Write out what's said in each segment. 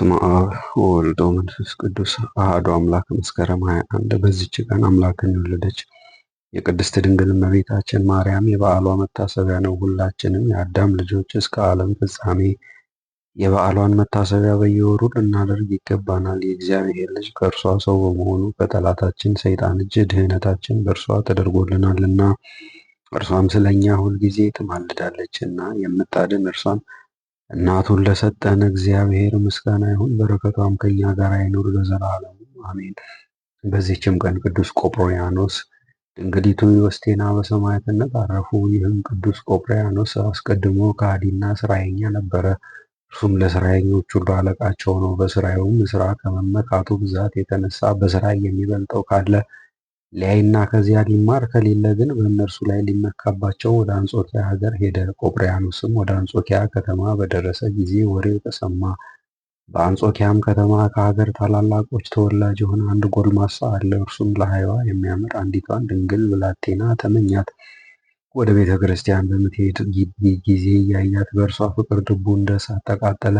በስመ አብ ወወልድ ወመንፈስ ቅዱስ አሐዱ አምላክ። መስከረም 21 በዚች ቀን አምላክን የወለደች የቅድስት ድንግል እመቤታችን ማርያም የበዓሏ መታሰቢያ ነው። ሁላችንም የአዳም ልጆች እስከ ዓለም ፍጻሜ የበዓሏን መታሰቢያ በየወሩ ልናደርግ ይገባናል። የእግዚአብሔር ልጅ ከእርሷ ሰው በመሆኑ ከጠላታችን ሰይጣን እጅ ድህነታችን በእርሷ ተደርጎልናልና እርሷም ስለኛ ሁልጊዜ ትማልዳለች እና የምታድን እርሷን እናቱን ለሰጠን እግዚአብሔር ምስጋና ይሁን። በረከቷም ከኛ ጋር ይኑር ለዘላለሙ አሜን። በዚህችም ቀን ቅዱስ ቆጵሮያኖስ ድንግሊቱ ዮስቴና በሰማዕትነት አረፉ። ይህም ቅዱስ ቆጵሮያኖስ አስቀድሞ ከሃዲና ስራየኛ ነበረ። እርሱም ለስራየኞች ሁሉ አለቃቸው ነው። በስራዩም ስራ ከመመካቱ ብዛት የተነሳ በስራ የሚበልጠው ካለ ሊያይና ከዚያ ሊማር ከሌለ ግን በእነርሱ ላይ ሊመካባቸው ወደ አንጾኪያ ሀገር ሄደ። ቆጵርያኖስም ወደ አንጾኪያ ከተማ በደረሰ ጊዜ ወሬው ተሰማ። በአንጾኪያም ከተማ ከሀገር ታላላቆች ተወላጅ የሆነ አንድ ጎልማሳ አለ። እርሱም ለሀይዋ የሚያምር አንዲቷን ድንግል ብላቴና ተመኛት። ወደ ቤተ ክርስቲያን በምትሄድ ጊዜ እያያት በእርሷ ፍቅር ልቡ እንደ እሳት ተቃጠለ።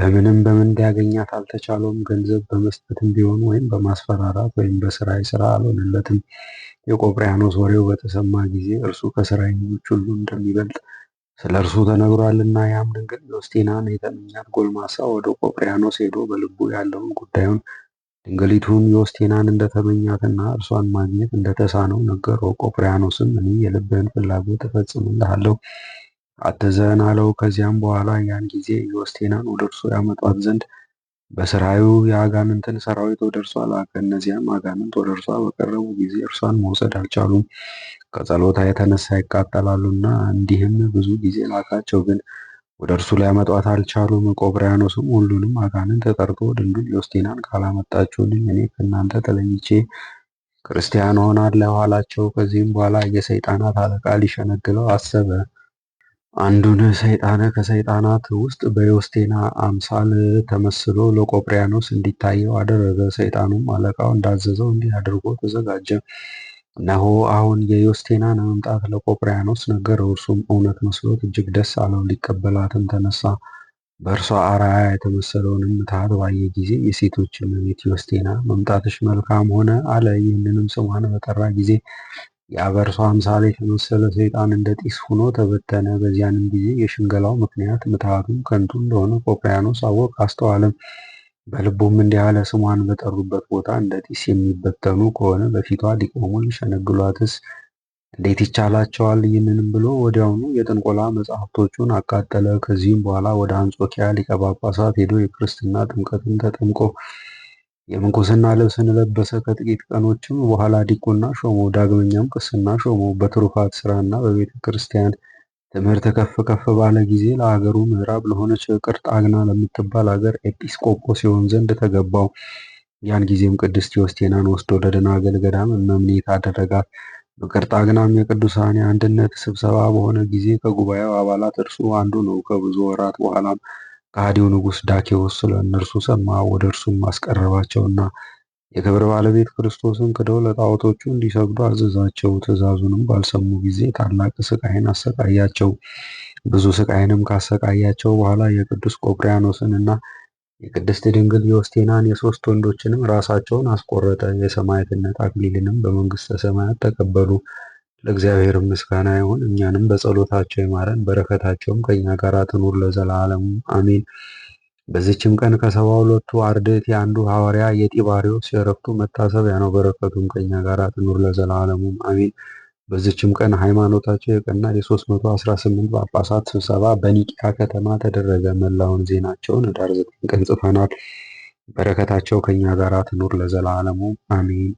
በምንም በምን እንዲያገኛት አልተቻለውም። ገንዘብ በመስጠትም ቢሆን ወይም በማስፈራራት ወይም በስራዬ ስራ አልሆነለትም። የቆፕሪያኖስ ወሬው በተሰማ ጊዜ እርሱ ከሰራዊቶች ሁሉ እንደሚበልጥ ስለ እርሱ ተነግሯልና፣ ያም ድንግል ዮስቲናን የተመኛት ጎልማሳ ወደ ቆፕሪያኖስ ሄዶ በልቡ ያለውን ጉዳዩን ድንግሊቱን ዮስቲናን እንደተመኛትና እርሷን ማግኘት እንደተሳነው ነገረው። ቆፕሪያኖስም እኔ የልብህን ፍላጎት እፈጽምልሃለሁ አትዘን አለው። ከዚያም በኋላ ያን ጊዜ ዮስቴናን ወደ እርሱ ያመጧት ዘንድ በስራዩ የአጋንንትን ሰራዊት ወደ እርሷ ላከ። እነዚያም አጋንንት ወደ እርሷ በቀረቡ ጊዜ እርሷን መውሰድ አልቻሉም፣ ከጸሎታ የተነሳ ይቃጠላሉና። እንዲህም ብዙ ጊዜ ላካቸው፣ ግን ወደ እርሱ ሊያመጧት አልቻሉም። ቆጵርያኖስም ሁሉንም አጋንንት ጠርቶ ድንግል ዮስቴናን ካላመጣችሁልኝ እኔ ከእናንተ ተለይቼ ክርስቲያን ሆናለሁ አላቸው። ከዚህም በኋላ የሰይጣናት አለቃ ሊሸነግለው አሰበ። አንዱን ሰይጣን ከሰይጣናት ውስጥ በዮስቴና አምሳል ተመስሎ ለቆጵሪያኖስ እንዲታየው አደረገ። ሰይጣኑም አለቃው እንዳዘዘው እንዲህ አድርጎ ተዘጋጀ። እነሆ አሁን የዮስቴናን መምጣት ለቆጵሪያኖስ ነገረው። እርሱም እውነት መስሎት እጅግ ደስ አለው። ሊቀበላትም ተነሳ። በእርሷ አርአያ የተመሰለውንም ምትሃት ባየ ጊዜ የሴቶች እመቤት ዮስቴና መምጣትሽ መልካም ሆነ አለ። ይህንንም ስሟን በጠራ ጊዜ የአበርሷ አምሳል የተመሰለ ሰይጣን እንደ ጢስ ሆኖ ተበተነ። በዚያንም ጊዜ የሽንገላው ምክንያት ምትሃቱም ከንቱ እንደሆነ ቆጵርያኖስ አወቅ አስተዋለም። በልቡም እንዲህ አለ፣ ስሟን በጠሩበት ቦታ እንደ ጢስ የሚበተኑ ከሆነ በፊቷ ሊቆሙ ሊሸነግሏትስ እንዴት ይቻላቸዋል? ይህንንም ብሎ ወዲያውኑ የጥንቆላ መጽሐፍቶቹን አቃጠለ። ከዚህም በኋላ ወደ አንጾኪያ ሊቀ ጳጳሳት ሄዶ የክርስትና ጥምቀትን ተጠምቆ የምንኩስና ልብስን ለበሰ። ከጥቂት ቀኖችም በኋላ ዲቁና ሾመው። ዳግመኛም ቅስና ሾመው። በትሩፋት ስራና በቤተ ክርስቲያን ትምህርት ከፍ ከፍ ባለ ጊዜ ለአገሩ ምዕራብ ለሆነች ቅርጣግና ለምትባል አገር ኤጲስቆጶስ ሲሆን ዘንድ ተገባው። ያን ጊዜም ቅድስት ዮስቴናን ወስዶ ለደናገል ገዳም መምኔት አደረጋት። በቅርጣግናም የቅዱሳን የአንድነት ስብሰባ በሆነ ጊዜ ከጉባኤው አባላት እርሱ አንዱ ነው። ከብዙ ወራት በኋላም ከሃዲው ንጉሥ ዳኬዎስ ስለ እነርሱ ሰማ። ወደ እርሱም አስቀረባቸውና የክብር ባለቤት ክርስቶስን ክደው ለጣዖቶቹ እንዲሰግዱ አዘዛቸው። ትእዛዙንም ባልሰሙ ጊዜ ታላቅ ስቃይን አሰቃያቸው። ብዙ ስቃይንም ካሰቃያቸው በኋላ የቅዱስ ቆጵርያኖስን እና የቅድስት ድንግል የወስቴናን የሶስት ወንዶችንም ራሳቸውን አስቆረጠ። የሰማዕትነት አክሊልንም በመንግሥተ ሰማያት ተቀበሉ። ለእግዚአብሔር ምስጋና ይሁን። እኛንም በጸሎታቸው ይማረን፣ በረከታቸውም ከኛ ጋር ትኑር ለዘላለሙ አሜን። በዚችም ቀን ከሰባ ሁለቱ አርድእት የአንዱ ሐዋርያ የጢባሪዎስ ሲረፍቱ መታሰቢያ ነው። በረከቱም ከኛ ጋር ትኑር ለዘላለሙ አሜን። በዚችም ቀን ሃይማኖታቸው የቀና የ318 ጳጳሳት ስብሰባ በኒቂያ ከተማ ተደረገ። መላውን ዜናቸውን ኅዳር ዘጠኝ ቀን ጽፈናል። በረከታቸው ከኛ ጋር ትኑር ለዘላለሙ አሜን።